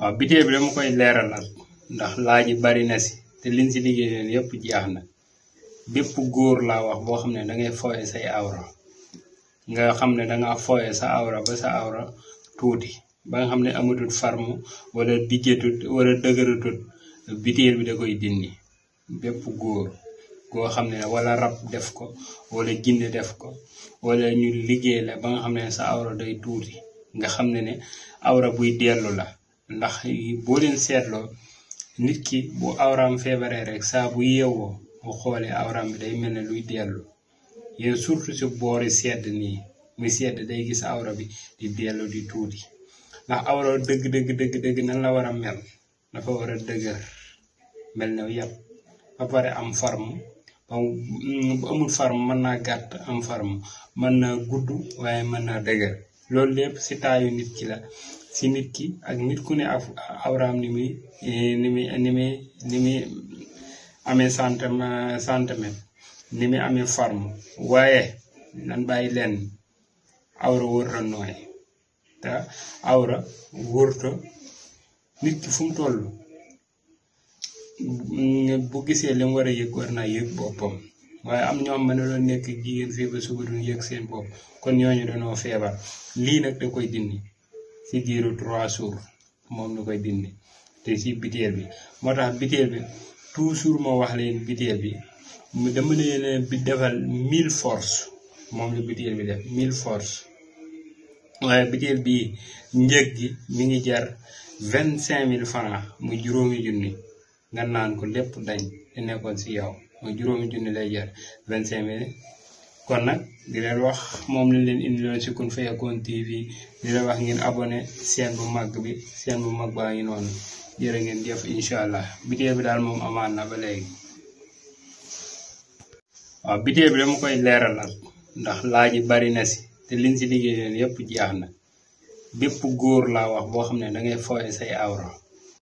waaw biteel bi dama koy leeralal ndax laaj yi bari na si te liñ si liggéey leen yëpp jeex na bépp góor la wax boo xam ne dangay fooye say awra nga xam ne danga fooye sa awra ba sa awra tuuti ba nga xam ne amatut farmu wala dijjatut wala dëgëratut biteel bi da koy dindi bépp góor goo xam ne wala rab def ko wala jind def ko wala ñu liggéey la ba nga xam ne sa awra day tuuti nga xam ne ne awra buy dellu la ndax boo leen seetloo nit ki bu awraam feebaree rek saa bu yeewoo bu xoolee awraam bi day mel ne luy dellu yooyu surtout si boori sedd nii muy sedd day gis awra bi di dellu di tuuti ndax awra dëgg dëgg dëgg dëgg nan la war a mel dafa war a dëgër mel na yàpp ba pare am forme mm, bu amul forme mën naa gàtt am forme mën naa gudd waaye mën naa dëgër loolu lépp si taayu nit ki la si nit ki ak nit ku ne ak awraam ni muy ni muy ni muy ni muy amee centimètre waaye nan bàyyi leen awra wërta nooy te awra wërta nit ki fu mu bu gisee li mu war a yëg war naa yëg boppam waaye am ñoom xam ne loolu nekk jigéen fii ba suba yëg seen bopp kon ñooñu dañoo feebar lii nag da koy si diiru trois jours moom la koy dindi te si biteel bi moo tax biteel bi toujours moo wax leen biteel bi mu dama leen bi defal mille force moom la biteel bi def mille force waaye biteel bi njëg gi mi ngi jar vingt cinq mille francs mu juróomi junni nga naan ko lépp dañ te nekkoon si yow mu juróomi junni lay jar vingt cinq mille kon nag di leen wax moom lañ leen indiloon si Kun Fayakoun TV di leen wax ngeen abonné seen bu mag bi seen bu mag baa ngi noonu jërë ngeen jëf incha allah bitéel bi daal moom amaan na ba léegi. waaw bitéel bi dama koy leeralal ndax laaj yi bari na si te liñ si liggéey leen yëpp jeex na bépp góor laa wax boo xam ne da ngay fooye say awra.